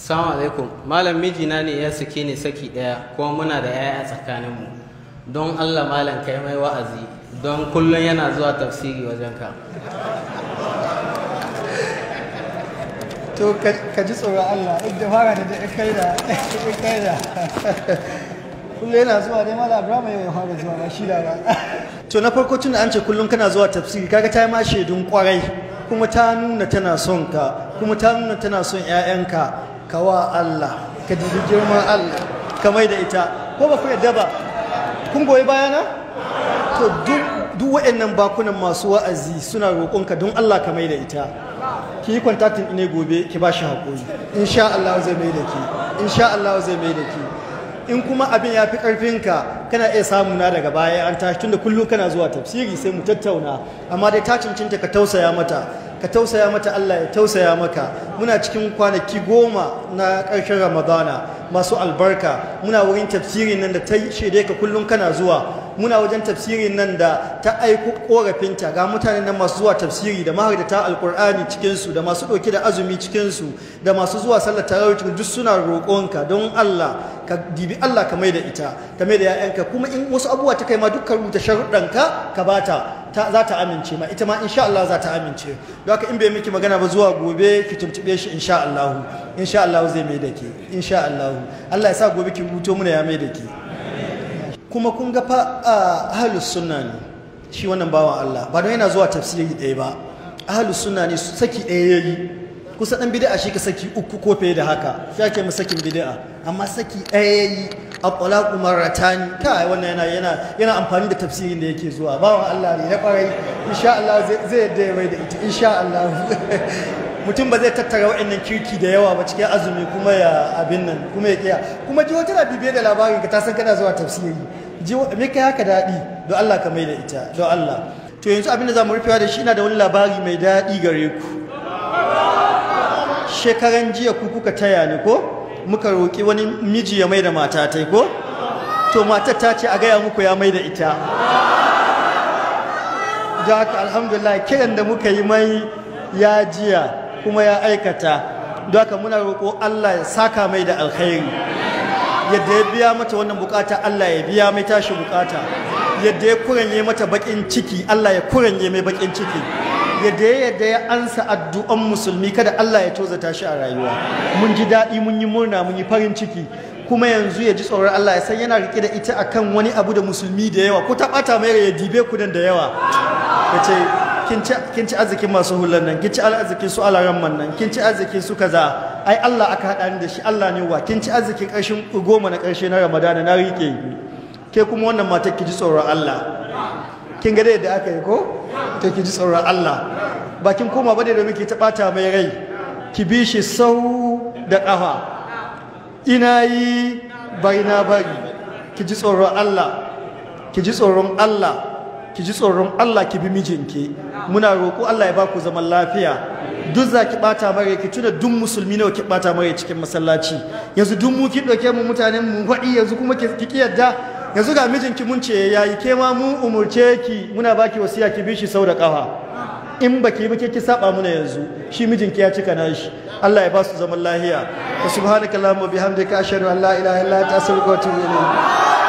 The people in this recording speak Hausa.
Assalamu alaikum malam mijina ne ya saki ni saki ɗaya kuma muna da 'ya'ya tsakaninmu don Allah malam kai mai wa'azi don kullum yana zuwa tafsiri wajen ka to ka ji tsoron Allah inda fara da kai da kai da kullum yana zuwa dai malam Abraham ya fara zuwa ba shi da ba to na farko tun da an ce kullum kana zuwa tafsiri kaga ta yi ma shaidun kwarai kuma ta nuna tana son ka kuma ta nuna tana son 'ya'yanka kawa Allah ka dubi girma Allah ka mai da ita ko ba ku yadda ba kun goyi bayana to duk wa'annan bakunan masu wa'azi suna roƙonka don Allah ka mai da ita ki yi kwantatin ne gobe ki ba shi haƙuri sha Allah zai mai da ki sha Allah zai mai da ki in kuma abin ya fi ƙarfinka kana iya samu na daga baya an tashi tunda kullum kana zuwa tafsiri sai mu tattauna amma dai ta cincinta ka tausaya mata ka tausaya mata Allah ya tausaya maka muna cikin kwanaki goma na ƙarshen ramadana masu albarka muna wurin tafsirin nan da ta shaidai ka kullum kana zuwa muna wajen tafsirin nan da ta aiko korafinta ga mutanen nan masu zuwa tafsiri da ta alkur'ani cikinsu da masu ɗauki da azumi cikinsu da masu zuwa sallar tarawih duk suna roƙonka don Allah ka dibi Allah ka mai da ita ka mai da 'ya'yanka kuma in wasu abubuwa ta kai ma dukkan rubuta sharuɗanka ka bata za ta amince ma ita ma insha Allah za ta amince don haka in bai miki magana ba zuwa gobe ki tuntube shi insha Allah insha Allah zai mai da ke insha Allah Allah ya sa gobe ki rubuto muna ya mai da ke kuma kun ga fa ahlus sunna ne shi wannan bawan Allah ba don yana zuwa tafsiri ɗaya ba ahlus sunna ne saki ɗaya yayi kusa dan bida'a shi ka saki uku ko fiye da haka ya ke mu sakin bid'a amma saki ɗaya yayi at-talaqu marratan kai wannan yana yana yana amfani da tafsirin da yake zuwa bawan Allah ne na kwarai insha Allah zai yadda ya mai da ita insha Allah mutum ba zai tattara waɗannan kirki da yawa ba cikin azumi kuma ya abin nan kuma ya kiya kuma jiwo tana bibiye da labarin ka ta san kana zuwa tafsiri jiwo me kai haka daɗi don Allah ka mai da ita don Allah to yanzu abin da za mu rufewa da shi na da wani labari mai daɗi gare ku shekaran jiya ku kuka taya ni ko muka roƙi wani miji ya mai da mata tai ko to matar ta ce a gaya muku ya mai da ita da haka alhamdulillah kiran da muka yi mai ya jiya kuma ya aikata da haka muna roƙo Allah ya saka mai da alkhairi yadda ya biya mata wannan bukata Allah ya biya mai tashi bukata yadda ya kuranye mata bakin ciki Allah ya kuranye mai bakin ciki ya yadda ya ansa addu'an musulmi kada Allah ya tozata shi a rayuwa mun ji daɗi mun yi murna mun yi farin ciki kuma yanzu ya ji tsoron Allah ya san yana rike da ita akan wani abu da musulmi da yawa ko ta bata mai ya dibe ku nan da yawa Ya ce kin ci arzikin masu hulan nan kin ci arzikin su alaran man nan kin ci arzikin su kaza ai Allah aka hada ni da shi Allah ne wa kin ci arzikin karshen goma na karshe na Ramadana na rike ke kuma wannan matar ki ji tsoron Allah kin ga da aka yi ko Ta ki ji tsoron Allah ba kin koma ba ne domin ki taɓata mai rai ki bi shi sau da ƙafa ina yi bari na bari ki ji tsoron Allah ki ji tsoron Allah ki ji tsoron Allah ki bi mijinki muna roƙo Allah ya ba ku zaman lafiya duk za ki ɓata mare ki tuna duk musulmi nawa ki ɓata mare cikin masallaci yanzu duk mu ki ɗauke mu mutanen mu waɗi yanzu kuma ki yarda yanzu ga mijinki mun ce yayi ke ma mun umurce ki muna baki wasiya ki bi shi sau da kafa in baki ba ke ki saba muna yanzu shi mijinki ya cika nashi Allah ya ba su zaman lahiya subhanakallahumma bihamdika ashhadu an la ilaha illa anta astaghfiruka wa atubu ilayk